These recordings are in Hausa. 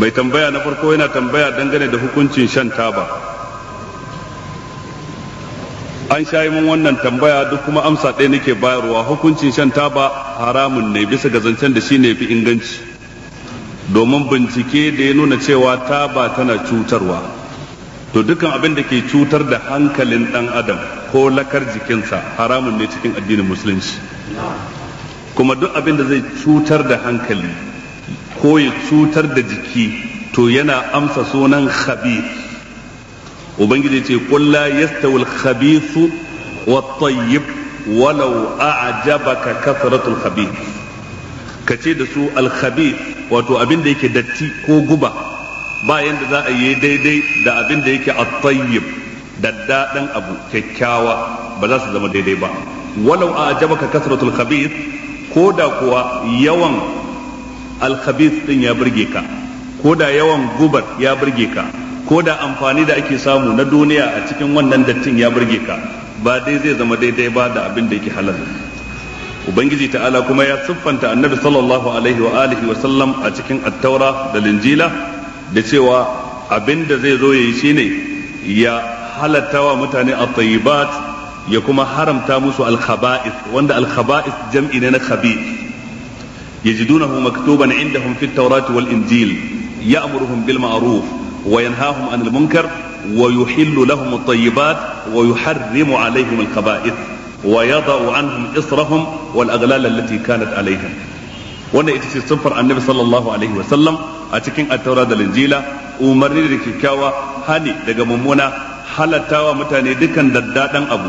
mai tambaya na farko yana tambaya dangane da hukuncin shan taba an yi mun wannan tambaya duk kuma amsa ɗaya nake bayarwa hukuncin shan taba haramun ne bisa ga zancen da shine fi inganci domin bincike da ya nuna cewa taba tana cutarwa to dukkan abin da ke cutar da hankalin ɗan adam ko lakar jikinsa haramun ne cikin addinin musulunci kuma duk abin da zai cutar da hankali ko ya cutar da jiki to yana amsa sunan khabith ubangiji ce qul la yastawi al-khabith wat-tayyib walau a'jabaka kathratul khabith kace da su al-khabith wato abin da yake datti ko guba ba yanda za a yi daidai da abin da yake at-tayyib daddadan abu kyakkyawa ba za su zama daidai ba walau a'jabaka kasratul khabith ko da kuwa yawan alkhabith din ya burge ka ko da yawan gubar ya burge ka ko da amfani da ake samu na duniya a cikin wannan dattin ya burge ka ba dai zai zama daidai ba da abin da yake halal ubangiji ta'ala kuma ya siffanta annabi sallallahu alaihi wa alihi wa sallam a cikin attaura da linjila da cewa abin da zai zo ya yayi shine ya halatta wa mutane at-tayyibat ya kuma haramta musu al-khaba'ith wanda al-khaba'ith jam'i ne na khabith yajidunahu maktuban inda fit tawrati wal injil ya'muruhum bil ma'ruf wa yanhahum 'anil munkar wa yuhillu lahum at-tayyibat wa yuharrimu 'alayhim al-khaba'ith wa yada'u 'anhum israhum wal aghlal allati kanat 'alayhim wannan ita ce siffar annabi sallallahu a cikin at da injila umarni da kyakkyawa hani daga mummuna halattawa mutane dukan daddadan abu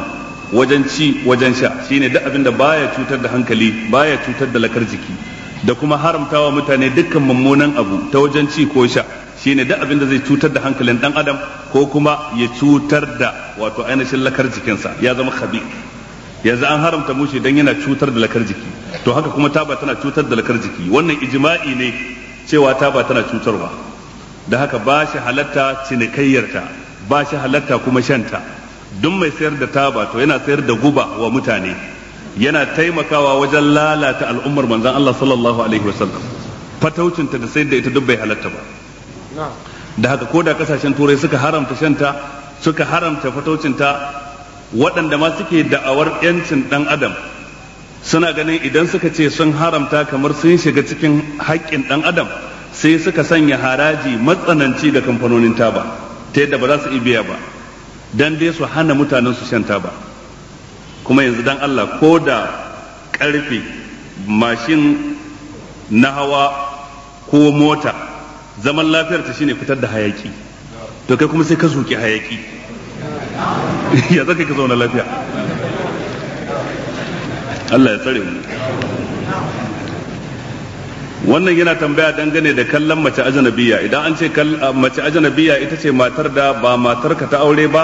wajen ci wajen sha shine duk abin da baya cutar da hankali baya cutar da lakar jiki da kuma haramta wa mutane dukkan mummunan abu ta wajen ci ko sha shine duk abin da zai cutar da hankalin dan adam ko kuma ya cutar da wato ainihin lakar jikinsa ya zama khabi yanzu an haramta mushi dan yana cutar da lakar jiki to haka kuma taba tana cutar da lakar jiki wannan ijma'i ne cewa taba tana cutarwa da haka ba shi halatta cinikayyarta ba shi halatta kuma shanta duk mai sayar da taba to yana sayar da guba wa mutane yana taimakawa wajen lalata al'ummar manzan Allah sallallahu alaihi wasallam fataucinta da sai da ita duk bai halatta ba da haka ko da kasashen turai suka haramta shanta suka haramta fataucinta waɗanda ma suke da'awar yancin ɗan adam suna ganin idan suka ce sun haramta kamar sun shiga cikin haƙƙin ɗan adam sai suka sanya haraji matsananci da kamfanonin taba ta yadda ba za su iya biya ba dan dai su hana mutanen su shan taba kuma yanzu dan Allah ko da ƙarfe mashin na hawa ko mota zaman lafiyar ta shine fitar da hayaki to kai kuma sai ka zuki hayaki ya zaka ka zauna lafiya Allah ya tsare mu wannan yana tambaya dangane da kallon mace ajanabiya idan an ce mace ajanabiya ita ce matar da ba matarka ta aure ba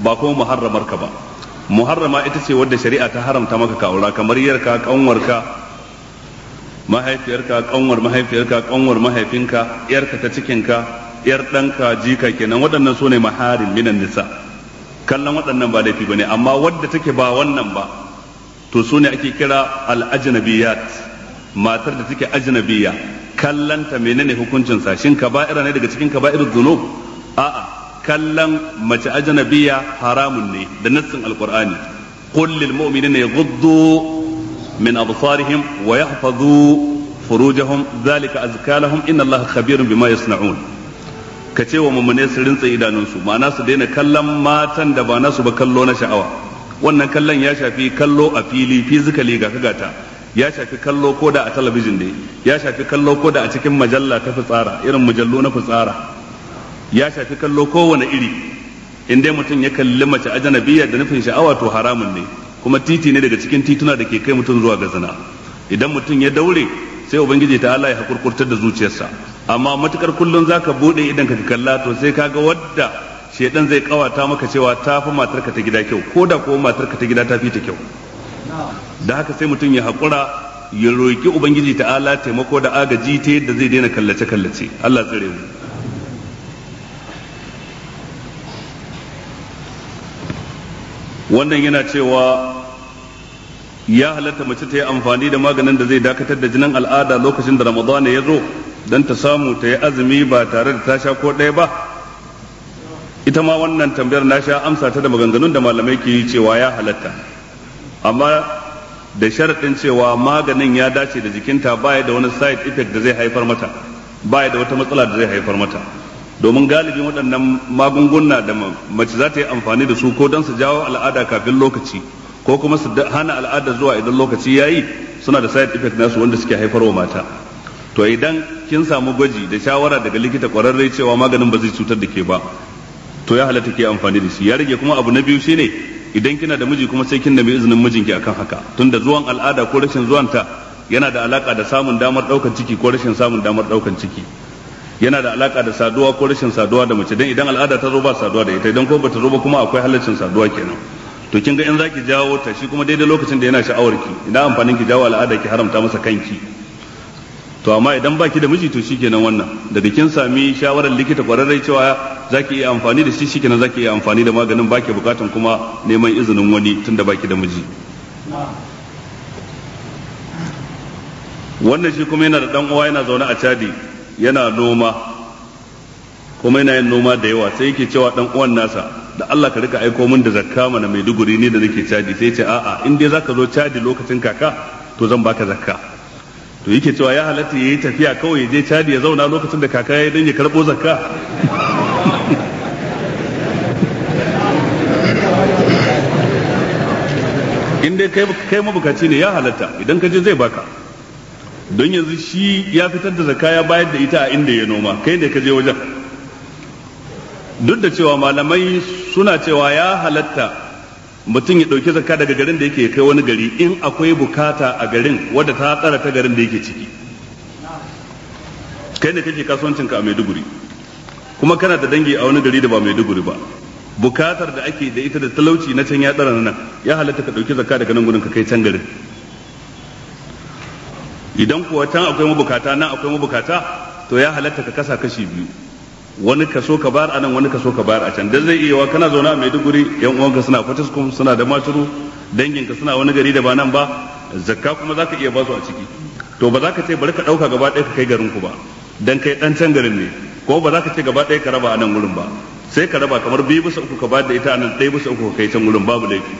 ba kuma muharramarka ba muharrama ita ce wadda shari'a ta haramta maka ka aura kamar yarka kanwarka mahaifiyarka kanwar mahaifiyarka kanwar mahaifinka yarka ta cikinka yar ɗanka jika kenan waɗannan su ne maharin minan nisa kallon waɗannan ba laifi bane amma wadda take ba wannan ba to su ne ake kira al-ajnabiyat matar da take ajnabiya kallanta menene hukuncin sa shin kaba'ira ne daga cikin ka irin dhunub a'a kallon mace ajnabiya haramun ne da nassin alkur'ani qul lil mu'minina yaghuddu min absarihim wa yahfazu furujahum zalika azka lahum inna allaha khabirun bima yasna'un ka ce wa mummune su rintsa idanunsu ma'ana su daina kallon matan da ba nasu ba kallo na sha'awa wannan kallon ya shafi kallo a fili fizikali ga kagata ya shafi kallo ko da a talabijin ne ya shafi kallo ko da a cikin majalla ta fitsara irin mujallu na fitsara ya shafi kallo kowane iri in dai mutum ya kalli mace ajanabiya da nufin sha'awa to haramun ne kuma titi ne daga cikin tituna da ke kai mutum zuwa ga zina idan mutum ya daure sai ubangiji ta Allah ya hakurkurtar da zuciyarsa amma matukar kullun zaka bude idan ka kalla to sai kaga wadda shedan zai kawata maka cewa ta fi matarka ta gida kyau ko da ko matarka ta gida ta fi ta kyau da haka sai mutum ya hakura ya roki ubangiji ta ta'ala taimako da agaji ta yadda zai daina kallace kallace Allah tsare mu wannan yana cewa ya halatta mace ta yi amfani da maganin da zai dakatar da jinin al'ada lokacin da ramadana ya zo don ta samu ta yi azumi ba tare da tasha ko ɗaya ba ita ma wannan tambayar na sha amsa ta da maganganun da malamai ke yi cewa ya halatta amma da sharaɗin cewa maganin ya dace da jikinta baya da wani side effect da zai haifar mata baya da wata matsala da zai haifar mata domin galibin waɗannan magunguna da mace za ta yi amfani da su ko don su jawo al'ada kafin lokaci ko kuma su hana al'ada zuwa idan lokaci ya yi suna da side effect nasu wanda suke haifarwa mata to idan kin samu gwaji da shawara daga likita kwararre cewa maganin ba zai cutar da ke ba to ya halatta ke amfani da shi ya rage kuma abu na biyu shine idan kina da miji kuma sai kin nemi izinin mijinki akan haka tunda zuwan al'ada ko rashin zuwanta yana da alaka da samun damar ɗaukan ciki ko rashin samun damar ɗaukan ciki yana da alaka da saduwa ko rashin saduwa da mace dan idan al'ada ta zo ba saduwa da ita idan ko bata zo ba kuma akwai halaccin saduwa kenan to kin ga in zaki jawo ta shi kuma daidai lokacin da yana sha'awar ki idan amfanin ki jawo al'ada ki haramta masa kanki to amma idan baki da miji to shikenan wannan da kin sami shawarar likita kwararre cewa zaki iya amfani da shi shikenan zaki iya amfani da maganin baki bukatan kuma neman izinin wani tunda baki da miji wannan shi kuma yana da dan uwa yana zaune a Chadi yana noma kuma yana yin noma da yawa sai yake cewa dan uwan nasa da Allah ka rika aiko min da zakka mana mai duguri ne da nake caji sai ce a'a in dai zaka zo caji lokacin kaka to zan baka zakka to yake cewa ya halatta yayi tafiya kawai je caji ya zauna lokacin da kaka yayi dan ya karbo zakka in dai kai mabukaci ne ya halatta idan ka je zai baka don yanzu shi ya fitar da zakka ya bayar da ita a inda ya noma kai ne ka je wajen duk da cewa malamai suna cewa ya halatta mutum ya ɗauki zakka daga garin da yake kai wani gari in akwai bukata a garin wadda ta tsara ta garin da yake ciki kai ne kake kasuwancinka a maiduguri kuma kana da dangi a wani gari da ba maiduguri ba bukatar da ake da ita da talauci na can ya tsara nan ya halatta ka ɗauki zakka daga nan gudun ka kai can garin idan kuwa can akwai mabukata nan akwai mabukata to ya halatta ka kasa kashi biyu wani kaso ka bayar a nan wani kaso ka bayar a can dan zai iya wa kana zauna a Maiduguri yan uwanka suna Fataskum suna da Maturu danginka suna wani gari da ba nan ba zakka kuma zaka iya basu a ciki to ba za ka ce bari ka dauka gaba ɗaya ka kai garin ku ba dan kai dan can garin ne ko ba za ka ce gaba ɗaya ka raba a nan wurin ba sai ka raba kamar biyu bisa uku ka bayar da ita a nan ɗaya bisa uku ka kai can gurin babu laifi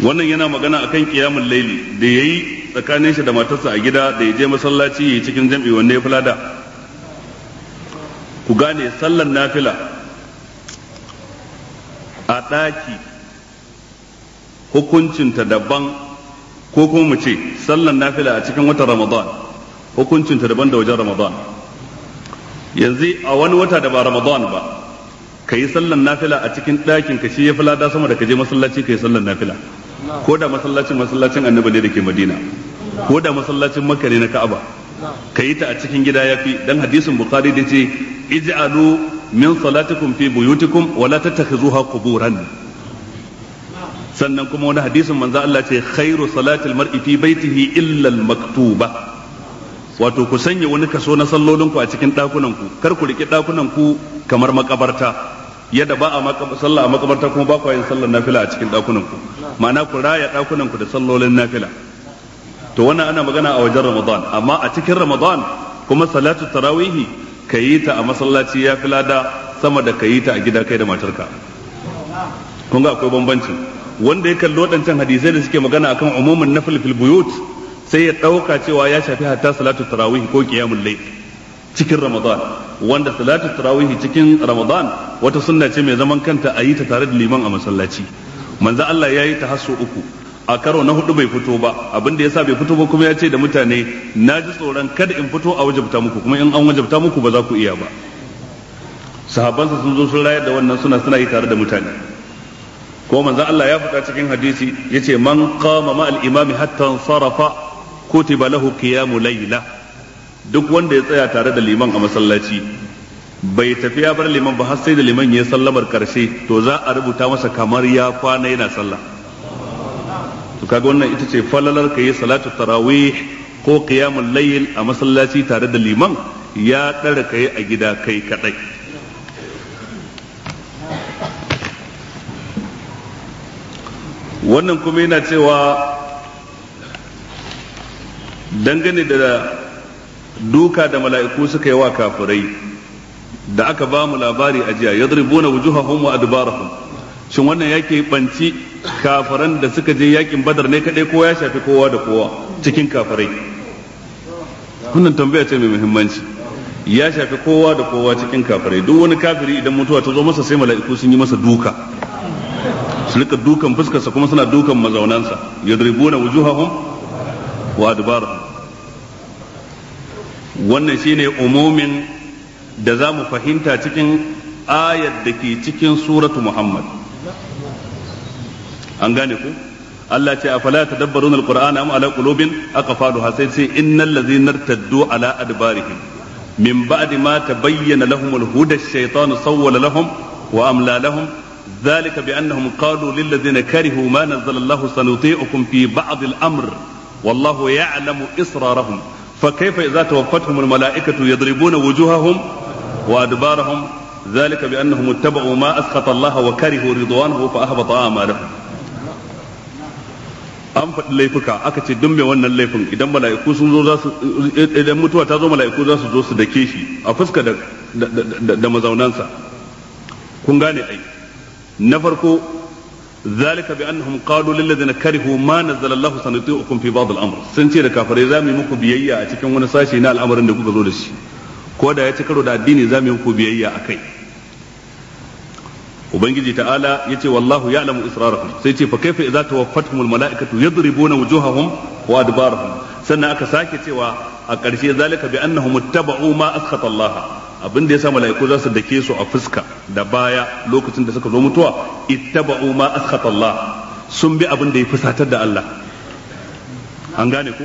wannan yana magana akan kiyamul laili da yayi tsakanin shi da matarsa a gida da ya je masallaci yayi cikin jami'i wanne ya fulada ku gane sallan nafila a ɗaki hukuncinta daban ko kuma mu ce sallan nafila a cikin watan ramadan hukuncinta daban da wajen ramadan yanzu a wani wata da ba ramadan ba ka yi sallan nafila a cikin ɗakin ka shi ya fulada sama da ka je masallaci ka yi sallan nafila ko da masallacin masallacin annabi ne da ke madina ko da masallacin makka ne na ka'aba ka yi ta a cikin gida ya fi dan hadisin bukhari da ce ij'alu min salatikum fi buyutikum wa la tattakhizuha quburan sannan kuma wani hadisin manzo Allah ce khairu salatil mar'i fi baitihi illa al maktuba wato ku sanya wani kaso na sallolinku a cikin dakunan kar ku rike dakunan ku kamar makabarta yadda ba a sallah a makabarta kuma ba ku yin sallar nafila a cikin ɗakunanku. ku ma'ana ku raya ɗakunanku da sallolin nafila to wannan ana magana a wajen ramadan amma a cikin ramadan kuma salatu tarawihi ka yi ta a masallaci ya fi lada sama da ka yi ta a gida kai da matarka kun ga akwai bambanci wanda ya kalli waɗancan hadisai da suke magana akan umumin nafil fil buyut sai ya ɗauka cewa ya shafi hatta salatu tarawihi ko qiyamul layl cikin ramadan wanda salatu tarawih cikin ramadan wata sunna ce mai zaman kanta a yi ta tare da liman a masallaci manzo Allah ya yi ta hasso uku a karo na hudu bai fito ba abin da sa bai fito ba kuma ya ce da mutane na ji tsoron kada in fito a wajabta muku kuma in an wajabta muku ba za ku iya ba sahabbansa sun zo sun rayar da wannan suna suna yi tare da mutane ko manzo Allah ya faɗa cikin hadisi yace man qama ma al imami hatta sarafa kutiba lahu qiyamul layla duk wanda ya tsaya tare da liman a masallaci bai tafi ya bar liman ba har sai da liman ya sallamar karshe to za a rubuta masa kamar ya kwana yana sallah to kaga wannan ita ce falalar ka yi salatu tarawih ko qiyamul layl a masallaci tare da liman ya ka kai a gida kai kadai wannan kuma yana cewa dangane da duka da mala'iku suka yi wa kafirai da aka ba mu labari a jiya yadribuna wujuhahum wa adbarahum shin wannan yake banci kafiran da suka je yakin badar ne kadai kowa ya shafi kowa da kowa cikin kafirai wannan tambaya ce mai muhimmanci ya shafi kowa da kowa cikin kafirai duk wani kafiri idan mutuwa ta zo masa sai mala'iku sun yi masa duka su rika dukan fuskarsa kuma suna dukan mazaunansa yadribuna wujuhahum wa adbarahum wannan shine umumin da za mu fahimta cikin ayar da ke cikin suratu muhammad an gane ku Allah ce a fala tadabbarun alqur'ana mu ala qulubin aqfaluha sai sai innal ladzina irtaddu ala adbarihim min ba'di ma tabayyana lahum alhuda ash-shaytanu sawwala lahum wa amla lahum ذلك بأنهم قالوا للذين كرهوا ما نزل الله سنطيعكم في بعض الأمر والله يعلم إصرارهم fa kaifa idza tawaffatuhum al mala'ikatu yadribuna wujuhahum wa adbarahum zalika bi annahum ittaba'u ma asqata Allah an faɗi laifuka aka ce dun mai wannan laifin idan mala'iku sun zo za su idan mutuwa ta zo mala'iku za su zo su dake shi a fuska da da mazaunansa kun gane ai na farko zalika bi annahum qalu lil ladina karihu ma nazzala Allah sanuti'ukum fi ba'd sun ce da kafirai za mu yi muku biyayya a cikin wani sashi na al'amarin da kuka zo da shi ko da ya ci karo da addini za mu yi muku biyayya kai. ubangiji ta'ala ce wallahu ya'lamu israrahum sai ce fa kaifa idza tawaffatuhumul mala'ikatu yadribuna wujuhahum wa adbarahum sannan aka sake cewa a ƙarshe zalika bi annahum ittaba'u ma askhata Allah abin da yasa mala'iku za su dake su a fuska da baya lokacin da suka zo mutuwa ittaba'u ma askata Allah sun bi abin da ya fusatar da Allah an gane ko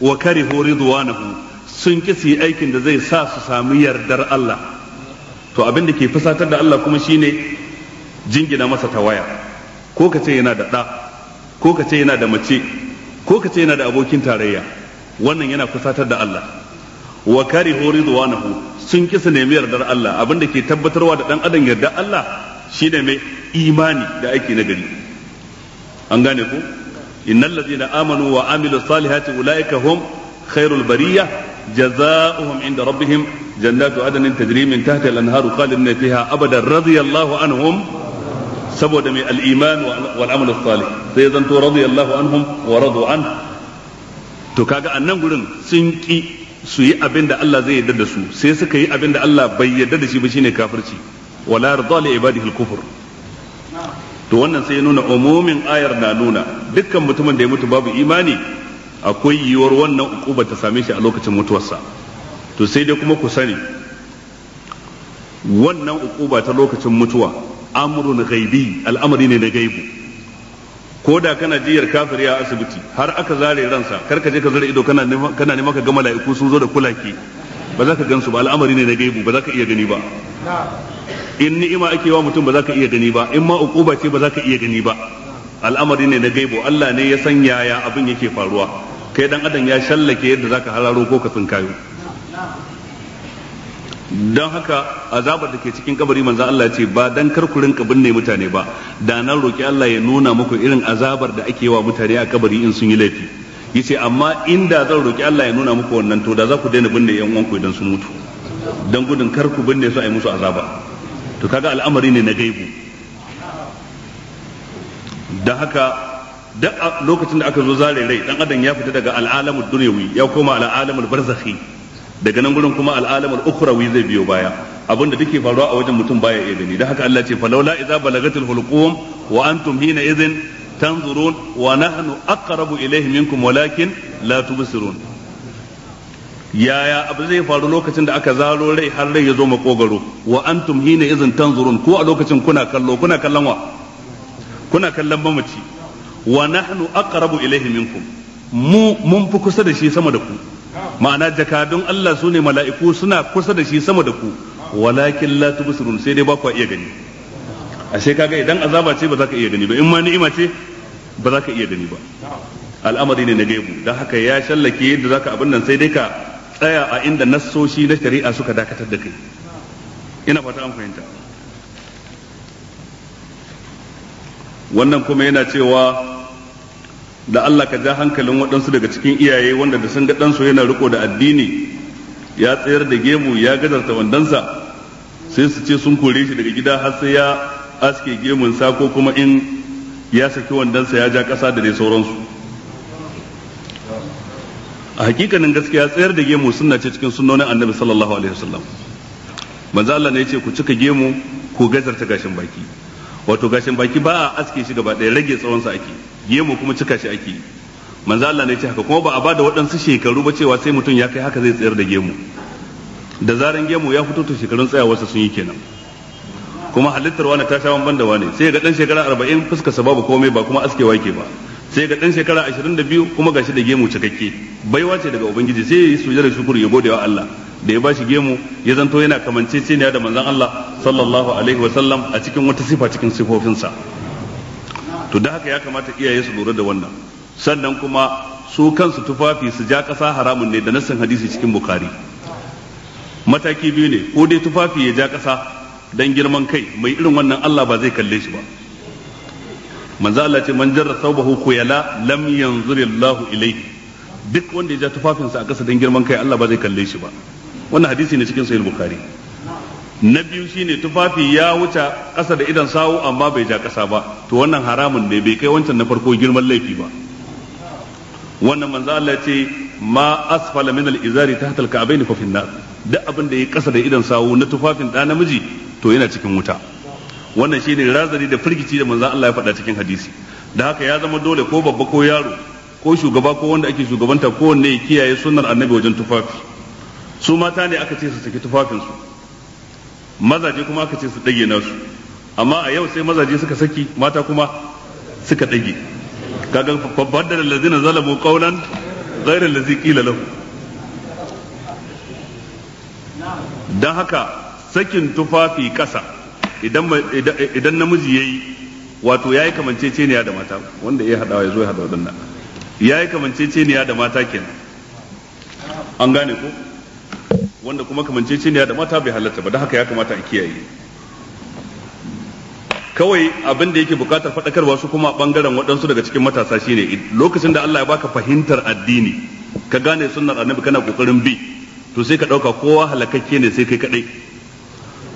wa karihu ridwanahu sun ki su yi aikin da zai sa su sami yardar Allah to abin da ke fusatar da Allah kuma shine jingina masa ta waya. ko ka ce yana da ɗa ko ka ce yana da mace ko ka ce yana da abokin tarayya wannan yana fusatar da Allah wa karihu ridwanahu sun kisa su nemi yardar Allah abinda ke tabbatarwa da dan adam yarda Allah shine mai imani da aiki na gari an gane ku innal ladzina amanu wa amilu salihati ulaika hum khairul bariyah jazaohum inda rabbihim jannatu adnin tajri min tahtiha al-anharu khalidina fiha abada radiyallahu anhum saboda mai al-iman wal amal salih sai zanto radiyallahu anhum wa radu an to kaga annan gurin sun ki su yi abin da Allah zai yarda da su sai suka yi abin da Allah bai yarda da shi ba shine kafirci wala yarda li ibadihi al-kufr to wannan sai ya nuna umumin ayar na nuna dukkan mutumin da ya mutu babu imani akwai yiwuwar wannan ukuba ta same shi a lokacin mutuwarsa to sai dai kuma ku sani wannan ukuba ta lokacin mutuwa amrun ghaibi al'amari ne na gaibu ko da kana jiyar kafiri a asibiti har aka zare ransa karka je ka zare ido kana kana ne ka ga mala'iku sun zo da kulaki ba za ka gansu ba al'amari ne na gaibu ba za ka iya gani ba in ni'ima ake wa mutum ba za ka iya gani ba in ma uquba ce ba za ka iya gani ba al'amari ne na gaibu Allah ne ya san yaya abin yake faruwa kai dan adam ya shallake yadda zaka hararo ko ka tsinkayo don haka azabar da ke cikin kabari manzo Allah ce ba dan kar ku rinka binne mutane ba da nan roki Allah ya nuna muku irin azabar da ake wa mutane a kabari in sun yi laifi yace amma inda zan roki Allah ya nuna muku wannan to da za ku daina binne yan uwanku idan sun mutu dan gudun kar ku binne su a yi musu azaba to kaga al'amari ne na gaibu da haka duk lokacin da aka zo zare rai dan adam ya fita daga al'alamud dunyawi ya koma al'alamul barzakhi daga nan gurin kuma al'alamar ukhrawi zai biyo baya abinda duke faruwa a wajen mutum baya iya gani da haka Allah ce falawla idza balagatil hulqum wa antum hina idhin tanzurun wa nahnu aqrabu ilayhi minkum walakin la tubsirun yaya abu zai faru lokacin da aka zaro rai har rai ya zo makogaro wa antum hina idhin tanzurun ko a lokacin kuna kallo kuna kallon wa kuna kallon mamaci wa nahnu aqrabu ilayhi minkum mu mun fi kusa da shi sama da ku ma'ana jakadun Allah su ne mala'iku suna kusa da shi sama da ku walakin la tubsirun sai dai ba ku iya gani ashe kaga idan azaba ce ba za ka iya gani ba in ma ni'ima ce ba za ka iya gani ba al'amari ne na gaibu don haka ya shallake yadda za ka abin nan sai dai ka tsaya a inda nassoshi na shari'a suka dakatar da kai ina fata an fahimta wannan kuma yana cewa da Allah ka ja hankalin waɗansu daga cikin iyaye wanda da sun ga ɗansu yana riko da addini ya tsayar da gemu ya gadarta wandansa sai su ce sun kore shi daga gida har sai ya aske gemunsa ko kuma in ya saki wandansa ya ja ƙasa da dai sauransu a hakikanin gaskiya tsayar da gemu sunna ce cikin sunnonin annabi sallallahu alaihi wasallam manzo Allah ne ya ce ku cika gemu ku gazarta gashin baki wato gashin baki ba a aske shi gaba ɗaya rage tsawonsa ake gemu kuma cika shi ake yi manzo Allah ne ya ce haka kuma ba a bada waɗansu shekaru ba cewa sai mutum ya kai haka zai tsayar da gemu da zaran gemu ya fito to shekarun sa sun yi kenan kuma halittar wani ta sha banda wani sai ga dan shekara 40 fuska sa babu komai ba kuma aske wake ba sai ga dan shekara 22 kuma gashi da gemu cikakke baiwa ce daga ubangiji sai ya yi sujjar shukuri ya gode wa Allah da ya bashi gemu ya zanto yana ne da manzon Allah sallallahu alaihi wasallam a cikin wata sifa cikin sifofinsa to da haka ya kamata iyaye su lura da wannan sannan kuma su kansu tufafi su ja kasa haramun ne da nassan hadisi cikin bukari mataki biyu ne ko dai tufafi ya ja kasa dan girman kai mai irin wannan Allah ba zai kalle shi ba manzo Allah ce man jarra thawbahu khuyala lam yanzurillahu ilayhi duk wanda ya ja tufafinsa a ƙasa dan girman kai Allah ba zai kalle shi ba wannan hadisi ne cikin sahih bukhari na biyu shine tufafi ya wuce kasa da idan sawu amma bai ja kasa ba to wannan haramun ne bai kai wancan na farko girman laifi ba wannan manzo Allah ce ma asfala min al-izari tahta al-ka'bayn fa finnar duk abin da ya kasa da idan sawu na tufafin da namiji to yana cikin wuta wannan shine razari da firgici da manzo Allah ya faɗa cikin hadisi da haka ya zama dole ko babba ko yaro ko shugaba ko wanda ake shugabanta kowanne ya kiyaye sunnar annabi wajen tufafi su mata ne aka ce su saki tufafin su mazaje kuma aka ce su dage nasu amma a yau sai mazaje suka saki mata kuma suka dage kaga na allazina zalamu qawlan ghayra allazi qila lahu dan haka sakin tufafi kasa idan idan namiji yayi wato yayi kamanceceniya da mata wanda ya hadawa ya zo ya hada wadannan yayi kamanceceniya da mata kenan an gane ko wanda kuma ne da mata bai halatta ba don haka ya kamata a kiyaye kawai abin da yake bukatar faɗakarwa su kuma bangaren waɗansu daga cikin matasa shine lokacin da Allah ya baka fahimtar addini ka gane sunnar annabi kana kokarin bi to sai ka ɗauka kowa halakakke ne sai kai kaɗai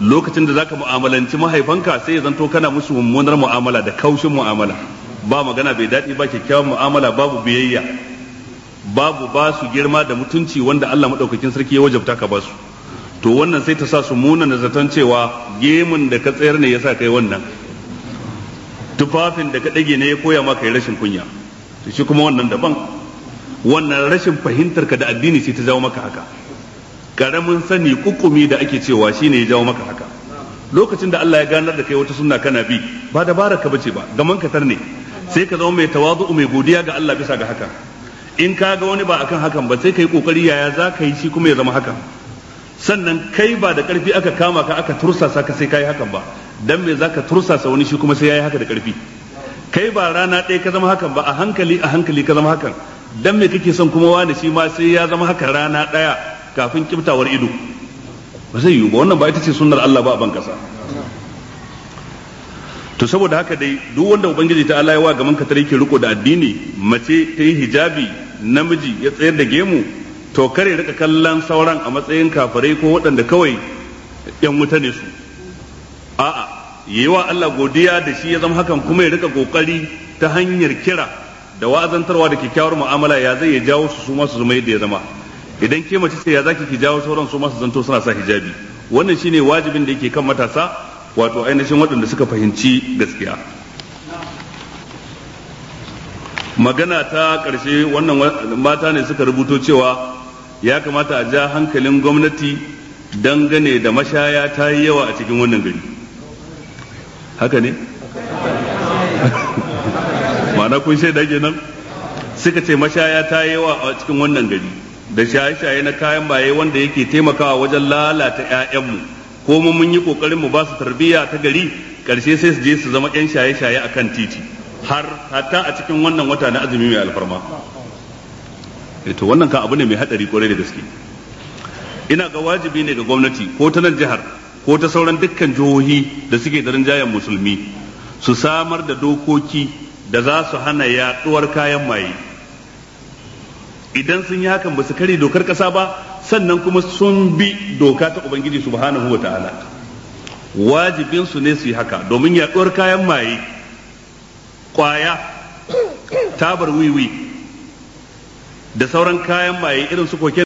lokacin da zaka mu'amalanci mahaifanka sai ya zanto kana musu mummunar mu'amala da kaushin mu'amala ba magana bai daɗi ba kyakkyawan mu'amala babu biyayya babu ba su girma da mutunci wanda Allah madaukakin sarki ya wajabta ka ba su to wannan sai ta sa su muna na zaton cewa gemun da ka tsayar ne yasa kai wannan tufafin da ka dage ne ya koya maka rashin kunya to shi kuma wannan daban wannan rashin fahimtar ka da addini sai ta jawo maka haka karamin sani kukumi da ake cewa shine ya jawo maka haka lokacin da Allah ya ganar da kai wata sunna kana bi ba dabara ka bace ba gaman katar ne sai ka zama mai tawazu mai godiya ga Allah bisa ga haka in ka ga wani ba akan hakan ba sai ka kokari yaya za ka yi shi kuma ya zama hakan sannan kai ba da karfi aka kama ka aka tursasa ka sai ka yi hakan ba dan me za ka tursasa wani shi kuma sai ya haka da karfi kai ba rana ɗaya ka zama hakan ba a hankali a hankali ka zama hakan dan me kake son kuma wani shi ma sai ya zama haka rana ɗaya kafin kiftawar ido ba zai yiwu ba wannan ba ita ce sunnar Allah ba a ban kasa to saboda haka dai duk wanda ubangiji ta Allah ya wa gaman ka tare ke riko da addini mace ta yi hijabi namiji ya tsayar da gemu to kare rika kallon sauran a matsayin kafare ko waɗanda kawai yan wuta ne su a'a yi wa Allah godiya da shi ya zama hakan kuma ya rika kokari ta hanyar kira da wazantarwa da kyakkyawar mu'amala ya zai ya jawo su su masu zama yadda ya zama idan ke mace ce ya zaki ki jawo sauran su masu zanto suna sa hijabi wannan shine wajibin da yake kan matasa wato ainihin waɗanda suka fahimci gaskiya magana ta ƙarshe wannan mata ne suka rubuto cewa ya kamata a ja hankalin gwamnati dangane da mashaya ta yi yawa a cikin wannan gari haka ne ma'ana kun shaida kenan suka ce mashaya ta yi yawa a cikin wannan gari da shaye-shaye na kayan baye wanda yake taimakawa wajen lalata 'ya'yanmu ko mun yi kokarin mu ba su tarbiyya ta gari ƙarshe sai su je su zama 'yan shaye-shaye a kan titi har hatta a cikin wannan wata na azumi mai alfarma eh, to wannan ka abu ne mai hadari kwarai da gaske ina ga wajibi ne ga gwamnati ko ta nan jihar ko ta sauran dukkan jihohi da suke da rinjayen musulmi su samar da dokoki da za su hana yaduwar kayan maye idan sun yi hakan ba su kare dokar kasa ba sannan kuma sun bi doka ta ubangiji subhanahu wata'ala ta'ala wajibinsu ne su yi haka domin yaduwar kayan maye kwaya tabar wiwi da sauran kayan maye irin su koke